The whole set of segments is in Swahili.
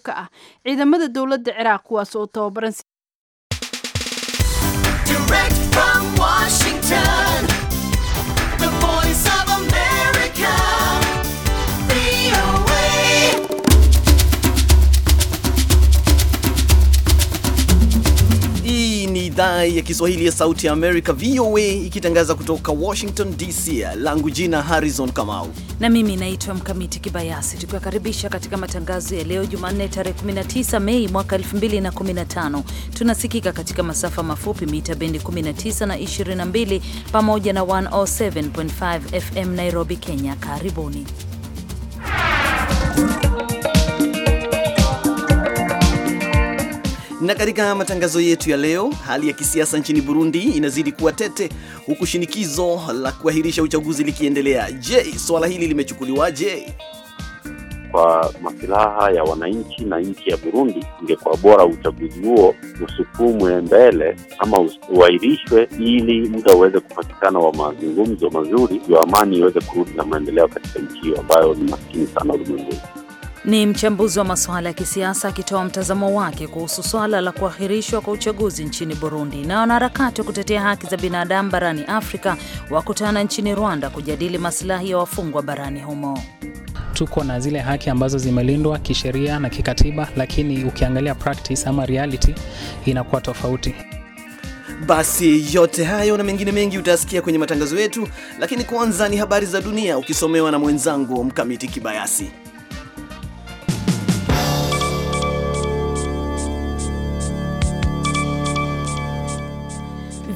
ka ah ciidamada dowladda ciraaq kuwaas oo tababaran idhaa ya Kiswahili ya Sauti ya Amerika, VOA, ikitangaza kutoka Washington DC. Langu jina Harrison Kamau na mimi naitwa Mkamiti Kibayasi, tukiwakaribisha katika matangazo ya leo Jumanne tarehe 19 Mei mwaka 2015. Tunasikika katika masafa mafupi mita bendi 19 na 22 pamoja na 107.5 FM Nairobi, Kenya. Karibuni. Na katika matangazo yetu ya leo, hali ya kisiasa nchini Burundi inazidi kuwa tete, huku shinikizo la kuahirisha uchaguzi likiendelea. Je, swala hili limechukuliwaje? Kwa masilaha ya wananchi na nchi ya Burundi, ingekuwa bora uchaguzi huo usukumwe mbele ama uahirishwe, ili muda uweze kupatikana wa mazungumzo mazuri ya amani, iweze kurudi na maendeleo katika nchi hiyo ambayo ni maskini sana ulimwenguni. Ni mchambuzi wa masuala ya kisiasa akitoa mtazamo wake kuhusu swala la kuahirishwa kwa uchaguzi nchini Burundi. Na wanaharakati wa kutetea haki za binadamu barani Afrika wakutana nchini Rwanda kujadili masilahi ya wafungwa barani humo. Tuko na zile haki ambazo zimelindwa kisheria na kikatiba, lakini ukiangalia practice ama reality inakuwa tofauti. Basi yote hayo na mengine mengi utasikia kwenye matangazo yetu, lakini kwanza ni habari za dunia ukisomewa na mwenzangu Mkamiti Kibayasi.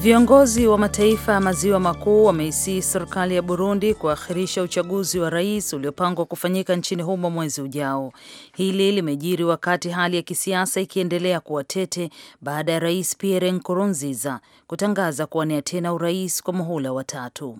Viongozi wa mataifa ya maziwa makuu wameisii serikali ya Burundi kuakhirisha uchaguzi wa rais uliopangwa kufanyika nchini humo mwezi ujao. Hili limejiri wakati hali ya kisiasa ikiendelea kuwa tete baada ya Rais Pierre Nkurunziza kutangaza kuwania tena urais kwa muhula wa tatu.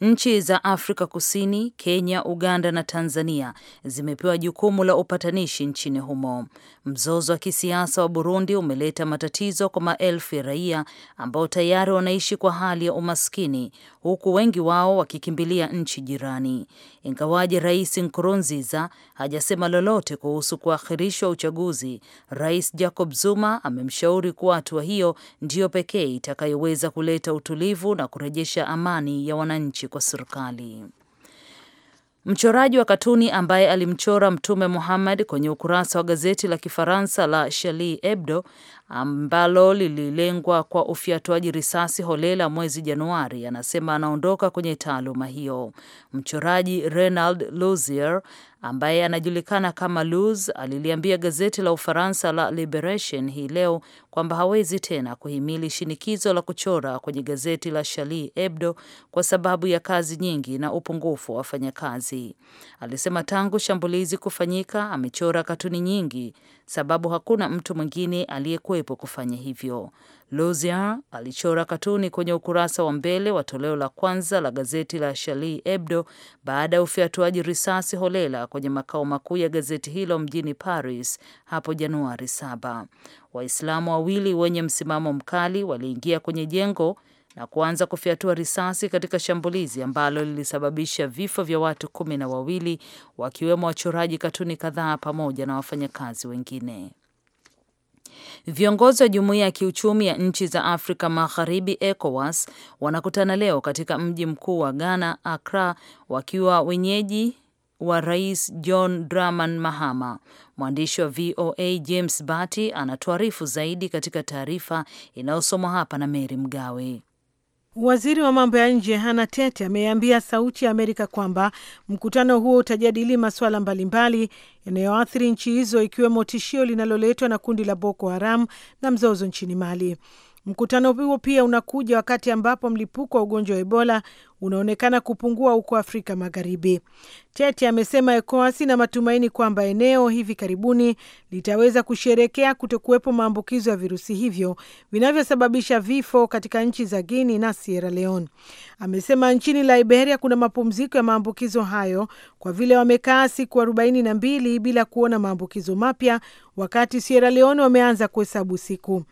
Nchi za Afrika Kusini, Kenya, Uganda na Tanzania zimepewa jukumu la upatanishi nchini humo. Mzozo wa kisiasa wa Burundi umeleta matatizo kwa maelfu ya raia ambao tayari tayari wanaishi kwa hali ya umaskini huku wengi wao wakikimbilia nchi jirani. Ingawaje Rais Nkurunziza hajasema lolote kuhusu kuahirishwa uchaguzi, Rais Jacob Zuma amemshauri kuwa hatua hiyo ndiyo pekee itakayoweza kuleta utulivu na kurejesha amani ya wananchi kwa serikali. Mchoraji wa katuni ambaye alimchora Mtume Muhammad kwenye ukurasa wa gazeti la Kifaransa la Charlie Hebdo ambalo lililengwa kwa ufyatuaji risasi holela mwezi Januari, anasema anaondoka kwenye taaluma hiyo. Mchoraji Renald Luzier ambaye anajulikana kama Luz aliliambia gazeti la Ufaransa la Liberation hii leo kwamba hawezi tena kuhimili shinikizo la kuchora kwenye gazeti la shali ebdo kwa sababu ya kazi nyingi na upungufu wa wafanyakazi. Alisema tangu shambulizi kufanyika amechora katuni nyingi sababu hakuna mtu mwingine aliyekuwa kuwepo kufanya hivyo. Luzier alichora katuni kwenye ukurasa wa mbele wa toleo la kwanza la gazeti la Charlie Hebdo baada ya ufyatuaji risasi holela kwenye makao makuu ya gazeti hilo mjini Paris hapo Januari 7. Waislamu wawili wenye msimamo mkali waliingia kwenye jengo na kuanza kufyatua risasi katika shambulizi ambalo lilisababisha vifo vya watu kumi na wawili wakiwemo wachoraji katuni kadhaa pamoja na wafanyakazi wengine. Viongozi wa jumuiya ya kiuchumi ya nchi za Afrika Magharibi, ECOWAS, wanakutana leo katika mji mkuu wa Ghana, Accra, wakiwa wenyeji wa Rais John draman Mahama. Mwandishi wa VOA James Bati anatuarifu zaidi katika taarifa inayosomwa hapa na Meri Mgawe. Waziri wa mambo ya nje Hana Tete ameambia Sauti ya Amerika kwamba mkutano huo utajadili masuala mbalimbali yanayoathiri nchi hizo ikiwemo tishio linaloletwa na kundi la Boko Haram na mzozo nchini Mali. Mkutano huo pia unakuja wakati ambapo mlipuko wa ugonjwa wa Ebola unaonekana kupungua huko Afrika Magharibi. Tete amesema ECOWAS ina matumaini kwamba eneo hivi karibuni litaweza kusherekea kutokuwepo maambukizo ya virusi hivyo vinavyosababisha vifo katika nchi za Guini na Sierra Leone. Amesema nchini Liberia kuna mapumziko ya maambukizo hayo kwa vile wamekaa siku arobaini na mbili bila kuona maambukizo mapya, wakati Sierra Leone wameanza kuhesabu siku.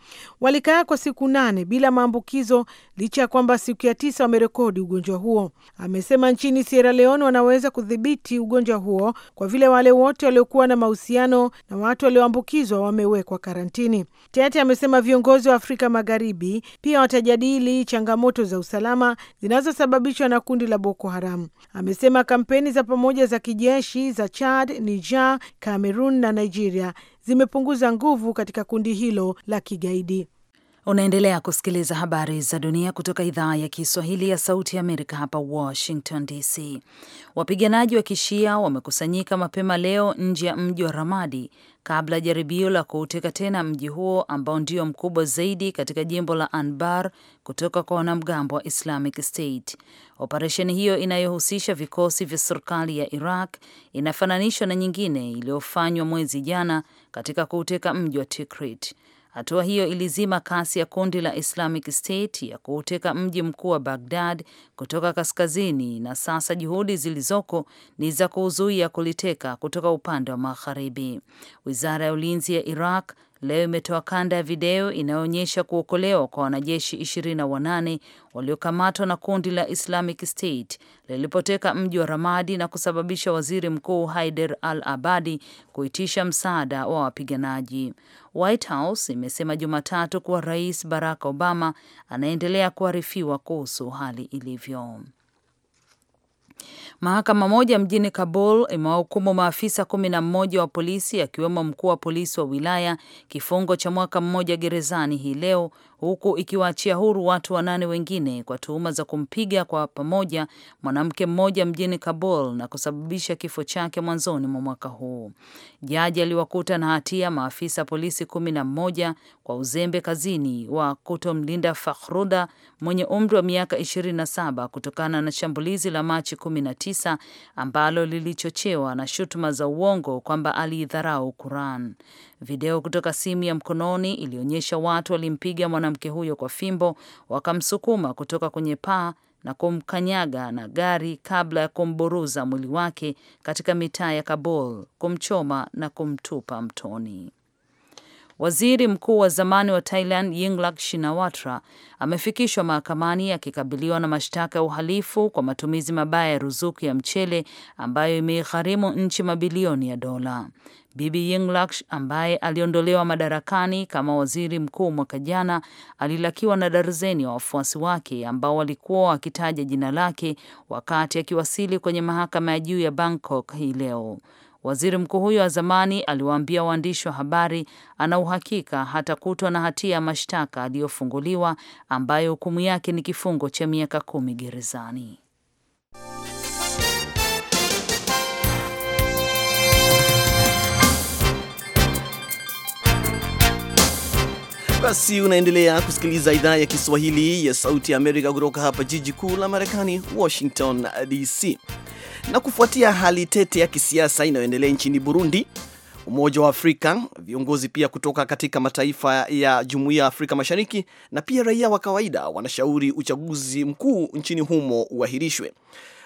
Walikaa kwa siku nane bila maambukizo licha ya kwamba siku ya tisa wamerekodi ugonjwa ugonjwa huo. Amesema nchini Sierra Leone wanaweza kudhibiti ugonjwa huo kwa vile wale wote waliokuwa na mahusiano na watu walioambukizwa wamewekwa karantini. Tete amesema viongozi wa Afrika Magharibi pia watajadili changamoto za usalama zinazosababishwa na kundi la Boko Haram. Amesema kampeni za pamoja za kijeshi za Chad, Niger, Cameroon na Nigeria zimepunguza nguvu katika kundi hilo la kigaidi. Unaendelea kusikiliza habari za dunia kutoka idhaa ya Kiswahili ya Sauti ya Amerika hapa Washington DC. Wapiganaji wa Kishia wamekusanyika mapema leo nje ya mji wa Ramadi kabla jaribio la kuuteka tena mji huo ambao ndio mkubwa zaidi katika jimbo la Anbar kutoka kwa wanamgambo wa Islamic State. Operesheni hiyo inayohusisha vikosi vya serikali ya Iraq inafananishwa na nyingine iliyofanywa mwezi jana katika kuuteka mji wa Tikrit. Hatua hiyo ilizima kasi ya kundi la Islamic State ya kuuteka mji mkuu wa Baghdad kutoka kaskazini, na sasa juhudi zilizoko ni za kuuzuia kuliteka kutoka upande wa magharibi. Wizara ya ulinzi ya Iraq leo imetoa kanda ya video inayoonyesha kuokolewa kwa wanajeshi 28 waliokamatwa na kundi la Islamic State lilipoteka mji wa Ramadi na kusababisha waziri mkuu Haider al-Abadi kuitisha msaada wa wapiganaji. White House imesema Jumatatu kuwa Rais Barack Obama anaendelea kuarifiwa kuhusu hali ilivyo. Mahakama moja mjini Kabul imewahukumu maafisa kumi na mmoja wa polisi akiwemo mkuu wa polisi wa wilaya kifungo cha mwaka mmoja gerezani hii leo huku ikiwaachia huru watu wanane wengine kwa tuhuma za kumpiga kwa pamoja mwanamke mmoja mjini Kabul na kusababisha kifo chake mwanzoni mwa mwaka huu. Jaji aliwakuta na hatia maafisa polisi kumi na mmoja kwa uzembe kazini wa kutomlinda Fakhruda mwenye umri wa miaka saba kutokana na shambulizi la Machi kumi na tisa ambalo lilichochewa na shutuma za uongo kwamba aliidharau Quran. Video kutoka simu ya mkononi ilionyesha watu walimpiga mwanamke huyo kwa fimbo, wakamsukuma kutoka kwenye paa na kumkanyaga na gari kabla ya kumburuza mwili wake katika mitaa ya Kabul, kumchoma na kumtupa mtoni. Waziri mkuu wa zamani wa Thailand Yingluck Shinawatra amefikishwa mahakamani akikabiliwa na mashtaka ya uhalifu kwa matumizi mabaya ya ruzuku ya mchele ambayo imeigharimu nchi mabilioni ya dola. Bibi Yingluck ambaye aliondolewa madarakani kama waziri mkuu mwaka jana, alilakiwa na darzeni wa wafuasi wake ambao walikuwa wakitaja jina lake wakati akiwasili kwenye mahakama ya juu ya Bangkok hii leo. Waziri mkuu huyo wa zamani aliwaambia waandishi wa habari ana uhakika hatakutwa na hatia ya mashtaka aliyofunguliwa ambayo hukumu yake ni kifungo cha miaka kumi gerezani. Basi unaendelea kusikiliza idhaa ya Kiswahili ya Sauti ya Amerika kutoka hapa jiji kuu la Marekani, Washington DC. Na kufuatia hali tete ya kisiasa inayoendelea nchini Burundi, Umoja wa Afrika, viongozi pia kutoka katika mataifa ya Jumuiya ya Afrika Mashariki na pia raia wa kawaida wanashauri uchaguzi mkuu nchini humo uahirishwe.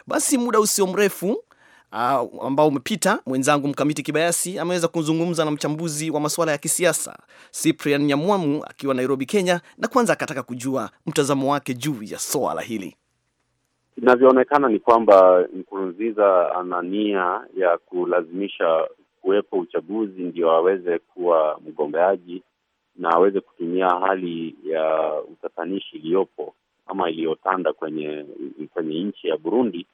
Basi muda usio mrefu uh, ambao umepita, mwenzangu Mkamiti Kibayasi ameweza kuzungumza na mchambuzi wa masuala ya kisiasa Cyprian Nyamwamu akiwa Nairobi, Kenya, na kwanza akataka kujua mtazamo wake juu ya swala hili. Inavyoonekana ni kwamba Nkurunziza ana nia ya kulazimisha kuwepo uchaguzi ndio aweze kuwa mgombeaji na aweze kutumia hali ya utatanishi iliyopo ama iliyotanda kwenye kwenye nchi ya Burundi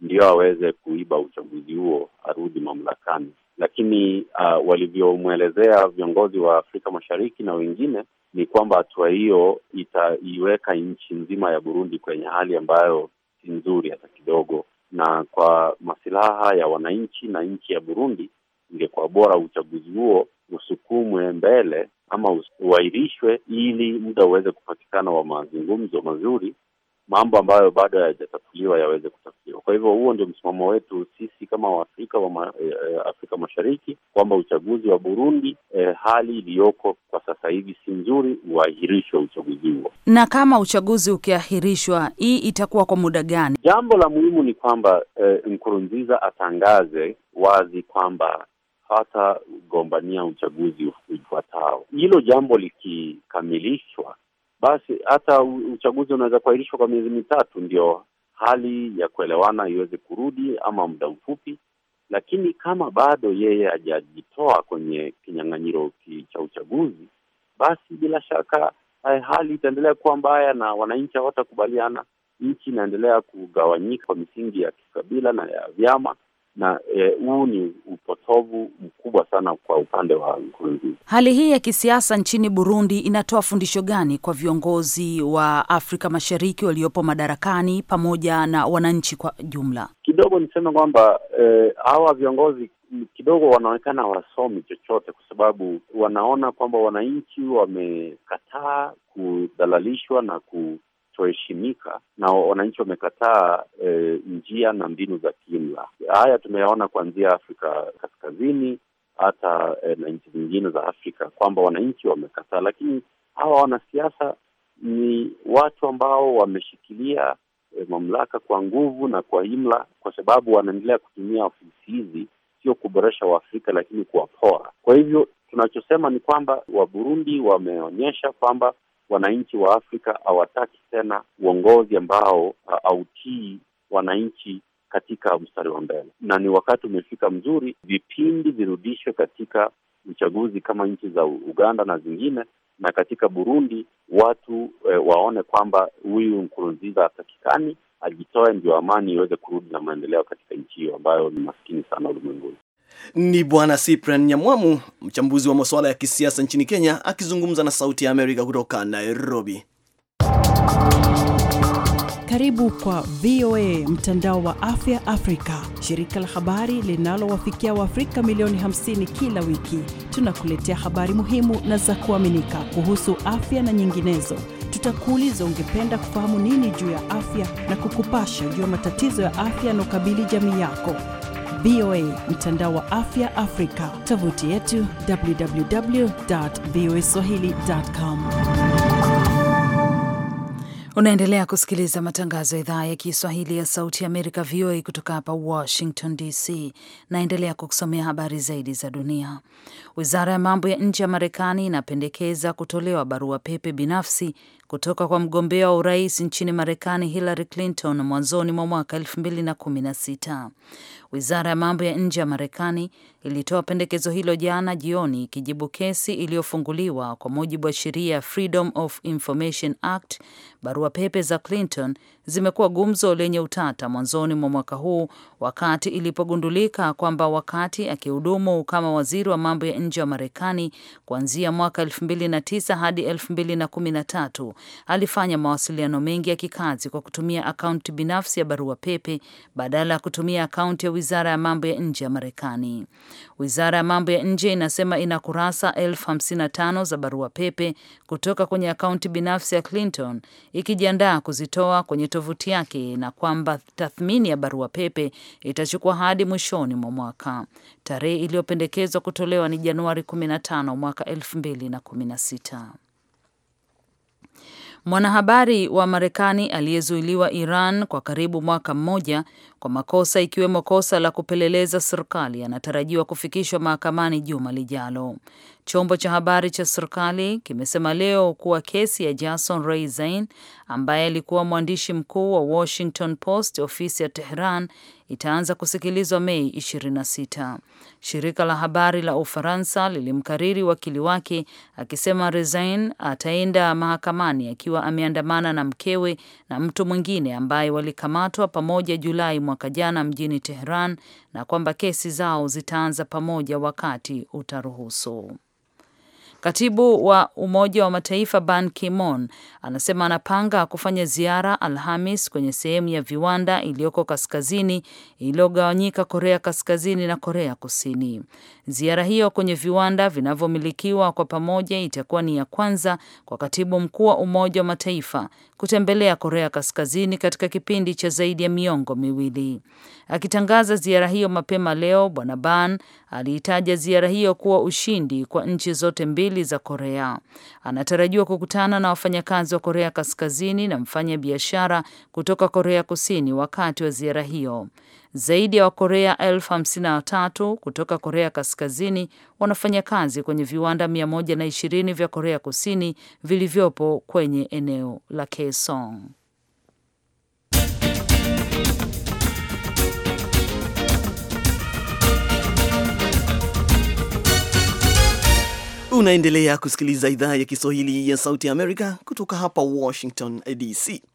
ndio aweze kuiba uchaguzi huo arudi mamlakani. Lakini uh, walivyomwelezea viongozi wa Afrika Mashariki na wengine ni kwamba hatua hiyo itaiweka nchi nzima ya Burundi kwenye hali ambayo si nzuri hata kidogo, na kwa masilaha ya wananchi na nchi ya Burundi ingekuwa bora uchaguzi huo usukumwe mbele ama uairishwe ili muda uweze kupatikana wa mazungumzo mazuri mambo ambayo bado hayajatatuliwa yaweze kutatuliwa. Kwa hivyo huo ndio msimamo wetu sisi kama Waafrika wa ma, e, Afrika Mashariki kwamba uchaguzi wa Burundi e, hali iliyoko kwa sasa hivi si nzuri, uahirishwe uchaguzi huo. Na kama uchaguzi ukiahirishwa, hii itakuwa kwa muda gani? Jambo la muhimu ni kwamba e, Nkurunziza atangaze wazi kwamba hata gombania uchaguzi ufuatao. Hilo jambo likikamilishwa basi hata uchaguzi unaweza kuahirishwa kwa miezi mitatu, ndio hali ya kuelewana iweze kurudi, ama muda mfupi. Lakini kama bado yeye hajajitoa kwenye kinyang'anyiro cha uchaguzi, basi bila shaka eh, hali itaendelea kuwa mbaya na wananchi hawatakubaliana. Nchi inaendelea kugawanyika kwa misingi ya kikabila na ya vyama na e, huu e, ni upotovu mkubwa sana kwa upande wa Nkurunziza. Hali hii ya kisiasa nchini Burundi inatoa fundisho gani kwa viongozi wa Afrika Mashariki waliopo madarakani pamoja na wananchi kwa jumla? Kidogo niseme kwamba e, hawa e, viongozi kidogo wanaonekana wasomi chochote, kwa sababu wanaona kwamba wananchi wamekataa kudhalalishwa na ku kutoheshimika na wananchi wamekataa e, njia na mbinu za kiimla. Haya tumeyaona kuanzia Afrika Kaskazini hata e, na nchi zingine za Afrika kwamba wananchi wamekataa, lakini hawa wanasiasa ni watu ambao wameshikilia e, mamlaka kwa nguvu na kwa imla, kwa sababu wanaendelea kutumia ofisi hizi sio kuboresha Waafrika lakini kuwapora. Kwa hivyo tunachosema ni kwamba Waburundi wameonyesha kwamba wananchi wa Afrika hawataki tena uongozi ambao uh, hautii wananchi katika mstari wa mbele, na ni wakati umefika mzuri vipindi virudishwe katika uchaguzi kama nchi za Uganda na zingine, na katika Burundi watu e, waone kwamba huyu Nkurunziza atakikani ajitoe, ndio amani iweze kurudi na maendeleo katika nchi hiyo ambayo ni maskini sana ulimwenguni. Ni Bwana Cyprian Nyamwamu, mchambuzi wa masuala ya kisiasa nchini Kenya, akizungumza na Sauti ya Amerika kutoka Nairobi. Karibu kwa VOA mtandao wa afya Afrika, shirika la habari linalowafikia Waafrika milioni 50 kila wiki. Tunakuletea habari muhimu na za kuaminika kuhusu afya na nyinginezo. Tutakuuliza, ungependa kufahamu nini juu ya afya, na kukupasha juu ya matatizo ya afya yanaokabili jamii yako. VOA, mtandao wa afya Afrika, tovuti yetu www.voaswahili.com. Unaendelea kusikiliza matangazo ya idhaa ya Kiswahili ya Sauti ya Amerika, VOA, kutoka hapa Washington DC. Naendelea kukusomea habari zaidi za dunia. Wizara ya mambo ya nje ya Marekani inapendekeza kutolewa barua pepe binafsi kutoka kwa mgombea wa urais nchini Marekani Hillary Clinton mwanzoni mwa mwaka 2016. Wizara ya mambo ya nje ya Marekani ilitoa pendekezo hilo jana jioni, ikijibu kesi iliyofunguliwa kwa mujibu wa sheria ya Freedom of Information Act, barua pepe za Clinton zimekuwa gumzo lenye utata mwanzoni mwa mwaka huu wakati ilipogundulika kwamba wakati akihudumu kama waziri wa mambo ya nje wa Marekani kuanzia mwaka 2009 hadi 2013 alifanya mawasiliano mengi ya kikazi kwa kutumia akaunti binafsi ya barua pepe badala ya kutumia akaunti ya wizara ya mambo ya nje ya Marekani. Wizara ya mambo ya nje inasema ina kurasa 55 za barua pepe kutoka kwenye akaunti binafsi ya Clinton ikijiandaa kuzitoa kwenye tovuti yake na kwamba tathmini ya barua pepe itachukua hadi mwishoni mwa mwaka. Tarehe iliyopendekezwa kutolewa ni Januari 15 mwaka 2016. Mwanahabari wa Marekani aliyezuiliwa Iran kwa karibu mwaka mmoja kwa makosa ikiwemo kosa la kupeleleza serikali anatarajiwa kufikishwa mahakamani juma lijalo. Chombo cha habari cha serikali kimesema leo kuwa kesi ya Jason Ray Zain ambaye alikuwa mwandishi mkuu wa Washington Post ofisi ya Tehran itaanza kusikilizwa Mei 26. Shirika la habari la Ufaransa lilimkariri wakili wake akisema Rezain ataenda mahakamani akiwa ameandamana na mkewe na mtu mwingine ambaye walikamatwa pamoja Julai mwaka jana mjini Tehran na kwamba kesi zao zitaanza pamoja wakati utaruhusu. Katibu wa Umoja wa Mataifa Ban Ki-moon anasema anapanga kufanya ziara Alhamis kwenye sehemu ya viwanda iliyoko kaskazini iliyogawanyika Korea Kaskazini na Korea Kusini. Ziara hiyo kwenye viwanda vinavyomilikiwa kwa pamoja itakuwa ni ya kwanza kwa katibu mkuu wa Umoja wa Mataifa kutembelea Korea Kaskazini katika kipindi cha zaidi ya miongo miwili. Akitangaza ziara hiyo mapema leo, Bwana Ban aliitaja ziara hiyo kuwa ushindi kwa nchi zote mbili za Korea. Anatarajiwa kukutana na wafanyakazi wa Korea Kaskazini na mfanya biashara kutoka Korea Kusini wakati wa ziara hiyo. Zaidi ya Wakorea elfu hamsini na kutoka Korea Kaskazini wanafanya kazi kwenye viwanda 120 vya Korea Kusini vilivyopo kwenye eneo la Kaesong. Unaendelea kusikiliza idhaa ya Kiswahili ya Sauti ya Amerika kutoka hapa Washington DC.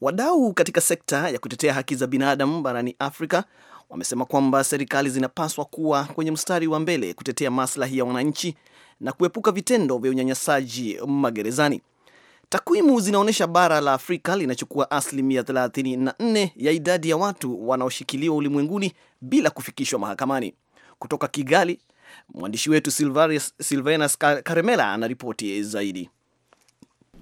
Wadau katika sekta ya kutetea haki za binadamu barani Afrika wamesema kwamba serikali zinapaswa kuwa kwenye mstari wa mbele kutetea maslahi ya wananchi na kuepuka vitendo vya unyanyasaji magerezani. Takwimu zinaonyesha bara la Afrika linachukua asilimia 34 ya idadi ya watu wanaoshikiliwa ulimwenguni bila kufikishwa mahakamani. Kutoka Kigali, mwandishi wetu Silvanus Karemela anaripoti zaidi.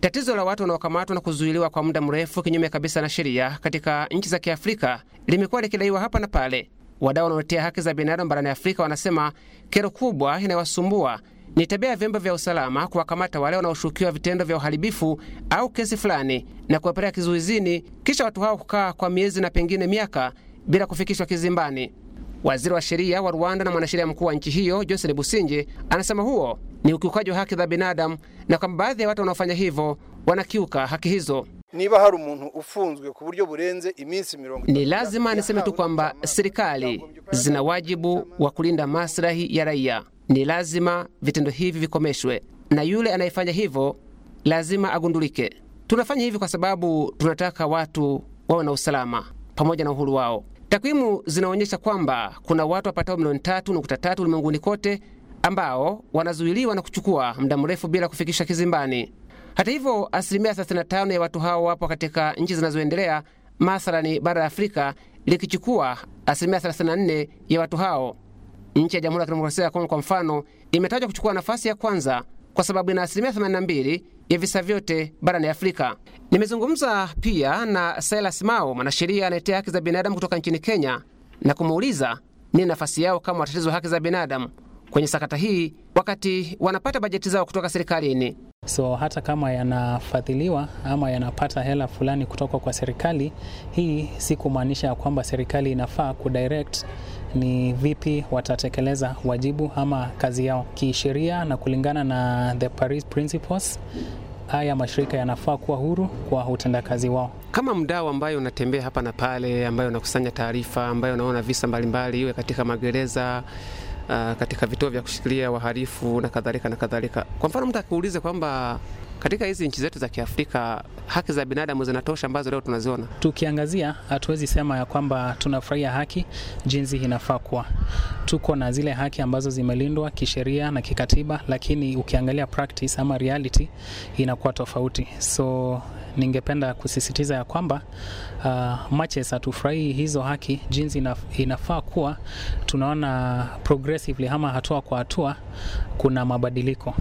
Tatizo la watu wanaokamatwa na kuzuiliwa kwa muda mrefu kinyume kabisa na sheria katika nchi za Kiafrika limekuwa likidaiwa hapa na pale. Wadau wanaotetea haki za binadamu barani Afrika wanasema kero kubwa inayowasumbua ni tabia ya vyombo vya usalama kuwakamata wale wanaoshukiwa vitendo vya uharibifu au kesi fulani na kuwapeleka kizuizini, kisha watu hao kukaa kwa miezi na pengine miaka bila kufikishwa kizimbani. Waziri wa sheria wa Rwanda na mwanasheria mkuu wa nchi hiyo Jocelyn Businje anasema huo ni ukiukaji wa haki za binadamu na kwamba baadhi ya watu wanaofanya hivyo wanakiuka haki hizo. Niba hari umuntu ufunzwe ku buryo burenze iminsi mirongo ni lazima niseme tu kwamba serikali zina wajibu wa kulinda maslahi ya raia. Ni lazima vitendo hivi vikomeshwe na yule anayefanya hivyo lazima agundulike. Tunafanya hivi kwa sababu tunataka watu wawe na usalama pamoja na uhuru wao. Takwimu zinaonyesha kwamba kuna watu wapatao milioni tatu nukta tatu ulimwenguni kote ambao wanazuiliwa na kuchukua muda mrefu bila kufikisha kizimbani. Hata hivyo, asilimia 35 ya watu hao wapo katika nchi zinazoendelea, mathalani bara la Afrika likichukua asilimia 34 ya watu hao. Nchi ya Jamhuri ya Kidemokrasia ya Kongo kwa mfano imetajwa kuchukua nafasi ya kwanza kwa sababu ina asilimia 82 ya visa vyote barani Afrika. Nimezungumza pia na Silas Mao, mwanasheria anaetea haki za binadamu kutoka nchini Kenya, na kumuuliza nini nafasi yao kama watetezi wa haki za binadamu kwenye sakata hii wakati wanapata bajeti zao kutoka serikalini. So hata kama yanafadhiliwa ama yanapata hela fulani kutoka kwa serikali, hii si kumaanisha ya kwamba serikali inafaa kudirect ni vipi watatekeleza wajibu ama kazi yao kisheria, na kulingana na the Paris Principles, haya mashirika yanafaa kuwa huru kwa utendakazi wao. Kama mdau ambayo unatembea hapa na pale, ambayo unakusanya taarifa, ambayo unaona visa mbalimbali, iwe katika magereza Uh, katika vituo vya kushikilia wahalifu na kadhalika na kadhalika. Kwa mfano mtu akiulize kwamba katika hizi nchi zetu za Kiafrika haki za binadamu zinatosha ambazo leo tunaziona. Tukiangazia, hatuwezi sema ya kwamba tunafurahia haki jinsi inafaa kuwa. Tuko na zile haki ambazo zimelindwa kisheria na kikatiba, lakini ukiangalia practice ama reality inakuwa tofauti. So ningependa kusisitiza ya kwamba uh, matches hatufurahii hizo haki jinsi inafaa kuwa. Tunaona progressively ama hatua kwa hatua kuna mabadiliko.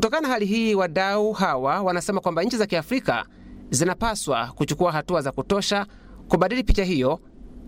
Kutokana na hali hii, wadau hawa wanasema kwamba nchi za Kiafrika zinapaswa kuchukua hatua za kutosha kubadili picha hiyo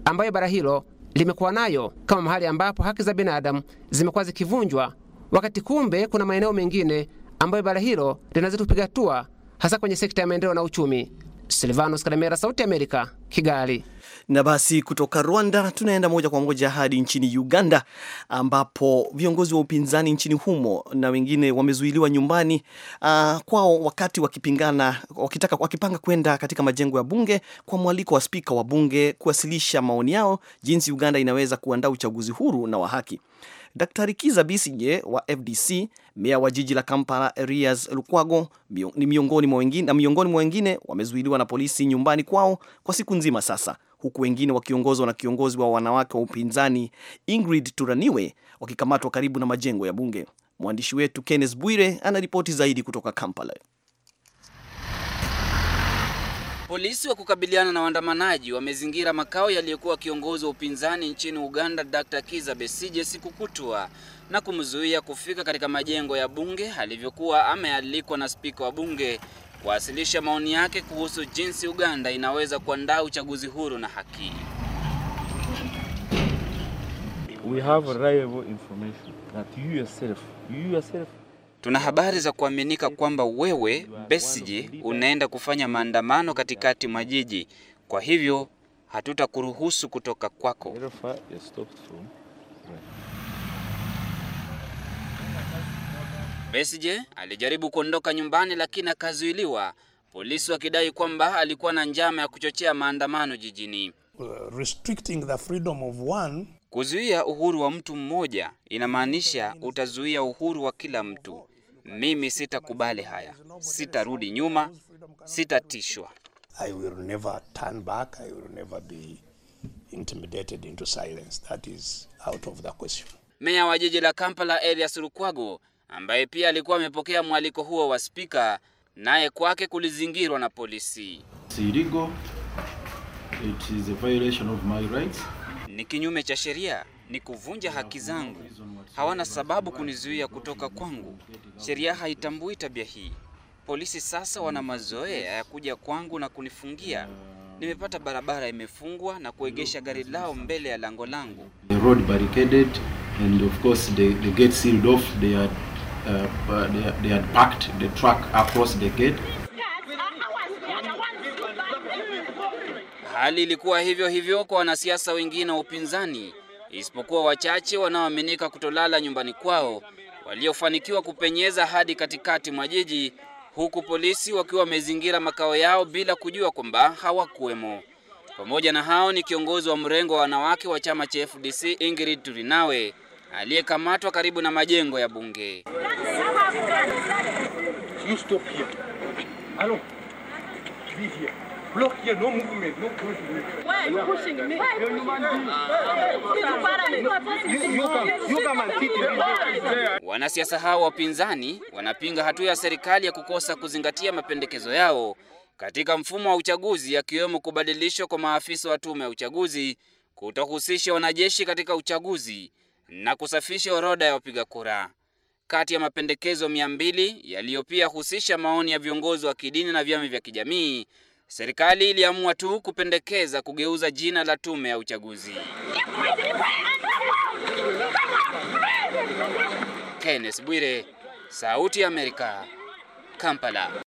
ambayo bara hilo limekuwa nayo kama mahali ambapo haki za binadamu zimekuwa zikivunjwa, wakati kumbe kuna maeneo mengine ambayo bara hilo linazidi kupiga hatua, hasa kwenye sekta ya maendeleo na uchumi. silvanos Karemera, Sauti ya Amerika, Kigali. Na basi kutoka Rwanda tunaenda moja kwa moja hadi nchini Uganda, ambapo viongozi wa upinzani nchini humo na wengine wamezuiliwa nyumbani uh, kwao wakati wakipingana, wakitaka, wakipanga kwenda katika majengo ya bunge kwa mwaliko wa spika wa bunge kuwasilisha maoni yao jinsi Uganda inaweza kuandaa uchaguzi huru na wa haki. Daktari Kiza Bisije wa FDC, meya wa jiji la Kampala Erias Lukwago ni miongoni mwa wengine, na miongoni mwa wengine wamezuiliwa na polisi nyumbani kwao kwa siku nzima sasa huku wengine wakiongozwa na kiongozi wa wanawake wa upinzani Ingrid Turaniwe wakikamatwa karibu na majengo ya bunge. Mwandishi wetu Kenneth Bwire ana ripoti zaidi kutoka Kampala. Polisi wa kukabiliana na waandamanaji wamezingira makao yaliyokuwa kiongozi wa upinzani nchini Uganda Dr. Kiza Besije siku kutwa na kumzuia kufika katika majengo ya bunge alivyokuwa amealikwa na spika wa bunge kuwasilisha maoni yake kuhusu jinsi Uganda inaweza kuandaa uchaguzi huru na haki. We have reliable information that you yourself, you yourself Tuna habari za kuaminika kwamba wewe Besiji unaenda kufanya maandamano katikati mwa jiji, kwa hivyo hatutakuruhusu kutoka kwako. Besije alijaribu kuondoka nyumbani lakini akazuiliwa, polisi wakidai kwamba alikuwa na njama ya kuchochea maandamano jijini. Uh, restricting the freedom of one. Kuzuia uhuru wa mtu mmoja inamaanisha utazuia uhuru wa kila mtu. Mimi sitakubali haya, sitarudi nyuma, sitatishwa. I will never turn back. I will never be intimidated into silence. That is out of the question. Meya wa jiji la Kampala Elias Lukwago ambaye pia alikuwa amepokea mwaliko huo wa spika, naye kwake kulizingirwa na polisi. It is a violation of my rights. Ni kinyume cha sheria, ni kuvunja haki zangu. Hawana sababu kunizuia kutoka kwangu. Sheria haitambui tabia hii. Polisi sasa wana mazoea ya kuja kwangu na kunifungia. Nimepata barabara imefungwa na kuegesha gari lao mbele ya lango langu. The road barricaded and of course the, the gate sealed off. They are Uh, uh, they, they had parked the truck across the gate. Hali ilikuwa hivyo hivyo kwa wanasiasa wengine wa upinzani, isipokuwa wachache wanaoaminika kutolala nyumbani kwao waliofanikiwa kupenyeza hadi katikati mwa jiji, huku polisi wakiwa wamezingira makao yao bila kujua kwamba hawakuwemo. Pamoja na hao ni kiongozi wa mrengo wa wanawake wa chama cha FDC Ingrid Turinawe aliyekamatwa karibu na majengo ya bunge. Wanasiasa hao wapinzani wanapinga hatua ya serikali ya kukosa kuzingatia mapendekezo yao katika mfumo wa uchaguzi, yakiwemo kubadilishwa kwa maafisa wa tume ya uchaguzi, kutohusisha wanajeshi katika uchaguzi na kusafisha orodha ya wapiga kura. Kati ya mapendekezo mia mbili yaliyopia husisha maoni ya viongozi wa kidini na vyama vya kijamii, serikali iliamua tu kupendekeza kugeuza jina la tume ya uchaguzi. Kenneth Bwire, Sauti ya Amerika, Kampala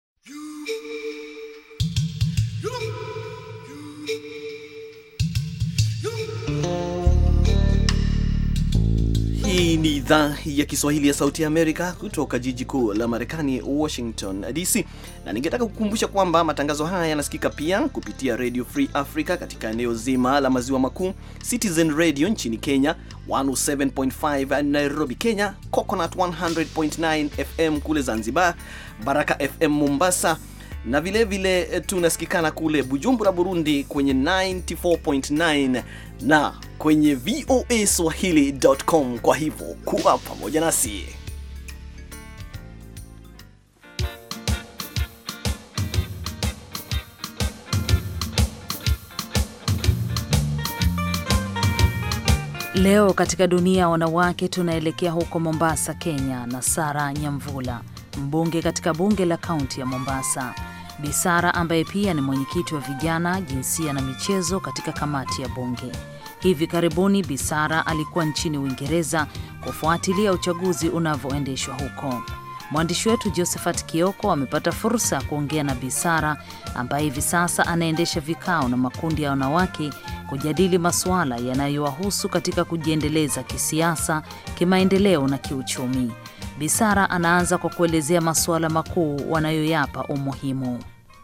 ni idhaa ya Kiswahili ya Sauti ya Amerika kutoka jiji kuu la Marekani, Washington DC, na ningetaka kukumbusha kwamba matangazo haya yanasikika pia kupitia Radio Free Africa katika eneo zima la maziwa makuu, Citizen Radio nchini Kenya 107.5 Nairobi, Kenya, Coconut 100.9 FM kule Zanzibar, Baraka FM Mombasa na vilevile vile eh, tunasikikana kule Bujumbura, Burundi kwenye 94.9 na kwenye VOA Swahili.com. Kwa hivyo kuwa pamoja nasi leo. Katika dunia ya wanawake, tunaelekea huko Mombasa, Kenya, na Sara Nyamvula, mbunge katika bunge la kaunti ya Mombasa Bisara ambaye pia ni mwenyekiti wa vijana, jinsia na michezo katika kamati ya bunge. Hivi karibuni Bisara alikuwa nchini Uingereza kufuatilia uchaguzi unavyoendeshwa huko. Mwandishi wetu Josephat Kioko amepata fursa ya kuongea na Bisara ambaye hivi sasa anaendesha vikao na makundi ya wanawake kujadili masuala yanayowahusu katika kujiendeleza kisiasa, kimaendeleo na kiuchumi. Bisara anaanza kwa kuelezea masuala makuu wanayoyapa umuhimu.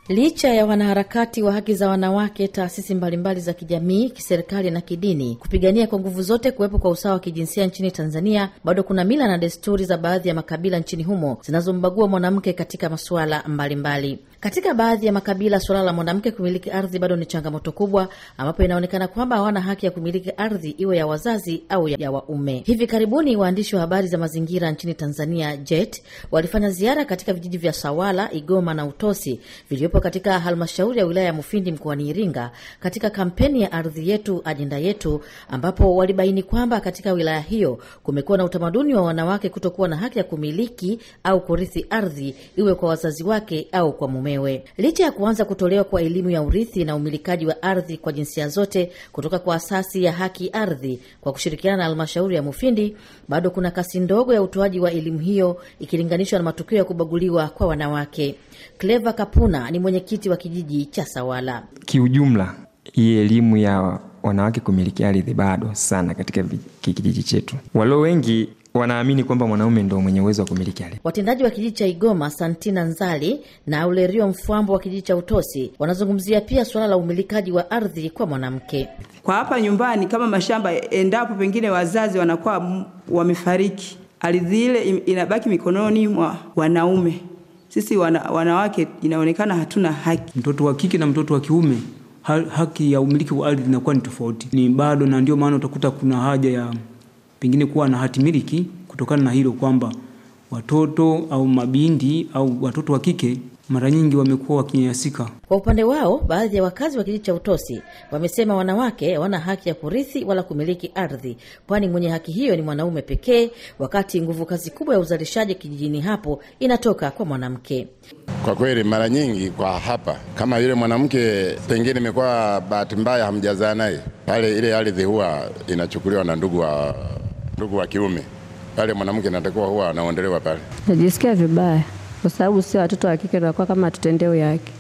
Licha ya wanaharakati wa haki za wanawake, taasisi mbalimbali za kijamii, kiserikali na kidini kupigania kwa nguvu zote kuwepo kwa usawa wa kijinsia nchini Tanzania, bado kuna mila na desturi za baadhi ya makabila nchini humo zinazombagua mwanamke katika masuala mbalimbali. Katika baadhi ya makabila suala la mwanamke kumiliki ardhi bado ni changamoto kubwa, ambapo inaonekana kwamba hawana haki ya kumiliki ardhi iwe ya wazazi au ya waume. Hivi karibuni waandishi wa habari za mazingira nchini Tanzania JET walifanya ziara katika vijiji vya Sawala, Igoma na Utosi vilivyopo katika halmashauri ya wilaya ya Mufindi mkoani Iringa katika kampeni ya ardhi yetu ajenda yetu, ambapo walibaini kwamba katika wilaya hiyo kumekuwa na utamaduni wa wanawake kutokuwa na haki ya kumiliki au kurithi ardhi iwe kwa wazazi wake au kwa mume mumewe. Licha ya kuanza kutolewa kwa elimu ya urithi na umilikaji wa ardhi kwa jinsia zote kutoka kwa asasi ya haki ardhi kwa kushirikiana na halmashauri ya Mufindi, bado kuna kasi ndogo ya utoaji wa elimu hiyo ikilinganishwa na matukio ya kubaguliwa kwa wanawake. Cleva Kapuna ni mwenyekiti wa kijiji cha Sawala. Kiujumla, hii elimu ya wanawake kumiliki ardhi bado sana katika kijiji chetu. Walio wengi wanaamini kwamba mwanaume ndo mwenye uwezo wa kumiliki ardhi. Watendaji wa kijiji cha Igoma, Santina Nzali na Aulerio Mfwambo wa kijiji cha Utosi wanazungumzia pia suala la umilikaji wa ardhi kwa mwanamke. Kwa hapa nyumbani, kama mashamba, endapo pengine wazazi wanakuwa wamefariki, ardhi ile inabaki mikononi mwa wanaume. Sisi wana, wanawake inaonekana hatuna haki. Mtoto wa kike na mtoto wa kiume haki ya umiliki wa ardhi inakuwa ni tofauti, ni bado, na ndio maana utakuta kuna haja ya pengine kuwa na hatimiliki kutokana na hilo kwamba watoto au mabindi au watoto wa kike mara nyingi wamekuwa wakinyanyasika. Kwa upande wao, baadhi ya wakazi wa kijiji cha Utosi wamesema wanawake hawana haki ya kurithi wala kumiliki ardhi, kwani mwenye haki hiyo ni mwanaume pekee, wakati nguvu kazi kubwa ya uzalishaji kijijini hapo inatoka kwa mwanamke. Kwa kweli, mara nyingi kwa hapa, kama yule mwanamke pengine imekuwa bahati mbaya, hamjazaa naye pale, ile ardhi huwa inachukuliwa na ndugu wa ndugu wa kiume pale, mwanamke anatakiwa huwa anaondolewa pale. Najisikia vibaya kwa sababu sio watoto wa kike tunakuwa kama tutendeo yake.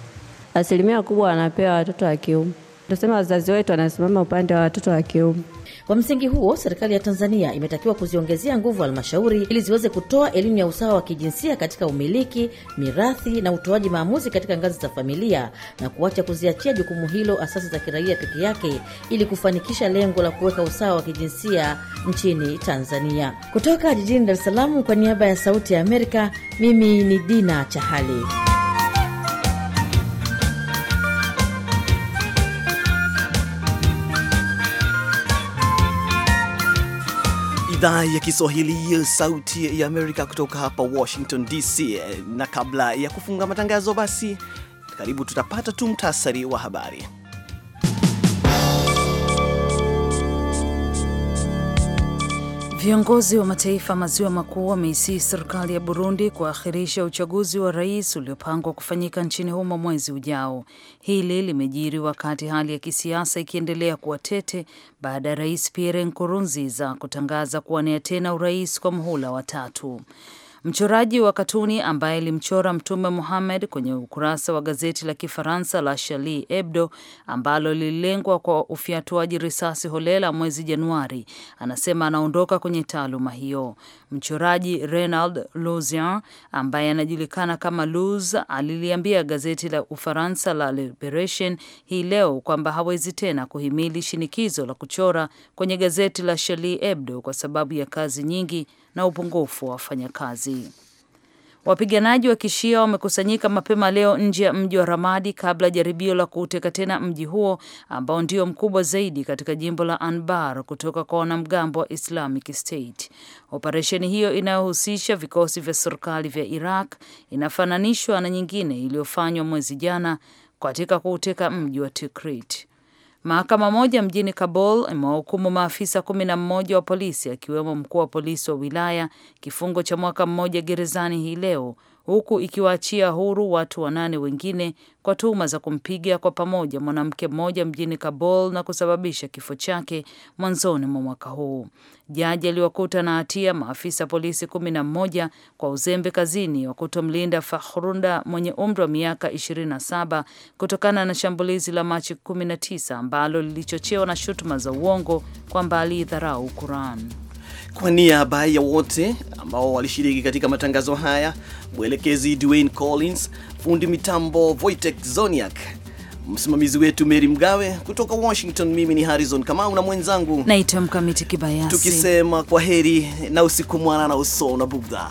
Asilimia kubwa wanapewa watoto wa kiume, tunasema wazazi wetu wanasimama upande wa watoto wa kiume. Kwa msingi huo, serikali ya Tanzania imetakiwa kuziongezea nguvu halmashauri ili ziweze kutoa elimu ya usawa wa kijinsia katika umiliki, mirathi na utoaji maamuzi katika ngazi za familia na kuacha kuziachia jukumu hilo asasi za kiraia peke yake ili kufanikisha lengo la kuweka usawa wa kijinsia nchini Tanzania. Kutoka jijini dares salamu kwa niaba ya Sauti ya Amerika, mimi ni Dina Chahali. idhaa ya Kiswahili ya Sauti ya Amerika kutoka hapa Washington DC, na kabla ya kufunga matangazo, basi karibu tutapata tu mtasari wa habari. Viongozi wa mataifa maziwa makuu wameisii serikali ya Burundi kuakhirisha uchaguzi wa rais uliopangwa kufanyika nchini humo mwezi ujao. Hili limejiri wakati hali ya kisiasa ikiendelea kuwa tete baada ya rais Pierre Nkurunziza kutangaza kuwania tena urais kwa muhula wa tatu. Mchoraji wa katuni ambaye alimchora Mtume Muhammad kwenye ukurasa wa gazeti la Kifaransa la Charlie Hebdo ambalo lililengwa kwa ufyatuaji risasi holela mwezi Januari, anasema anaondoka kwenye taaluma hiyo. Mchoraji Renald Luzian ambaye anajulikana kama Luz aliliambia gazeti la Ufaransa la Liberation hii leo kwamba hawezi tena kuhimili shinikizo la kuchora kwenye gazeti la Charlie Hebdo kwa sababu ya kazi nyingi na upungufu wa wafanyakazi. Wapiganaji wa kishia wamekusanyika mapema leo nje ya mji wa Ramadi kabla ya jaribio la kuuteka tena mji huo ambao ndio mkubwa zaidi katika jimbo la Anbar kutoka kwa wanamgambo wa Islamic State. Operesheni hiyo inayohusisha vikosi vya serikali vya Iraq inafananishwa na nyingine iliyofanywa mwezi jana katika kuuteka mji wa Tikrit. Mahakama moja mjini Kabul imewahukumu maafisa kumi na mmoja wa polisi akiwemo mkuu wa polisi wa wilaya kifungo cha mwaka mmoja gerezani hii leo huku ikiwaachia huru watu wanane wengine kwa tuhuma za kumpiga kwa pamoja mwanamke mmoja mjini Kabul na kusababisha kifo chake mwanzoni mwa mwaka huu. Jaji aliwakuta na hatia maafisa polisi kumi na mmoja kwa uzembe kazini wa kutomlinda Fakhrunda mwenye umri wa miaka 27 kutokana na shambulizi la Machi 19 ambalo lilichochewa na shutuma za uongo kwamba aliidharau Quran. Kwa niaba ya wote ambao walishiriki katika matangazo haya, mwelekezi Dwayne Collins, fundi mitambo Voitek Zoniak, msimamizi wetu mary Mgawe kutoka Washington. Mimi ni Harrison Kamau na mwenzangu naitwa Mkamiti Kibayasi, tukisema kwa heri na usiku mwana na usona bugdha.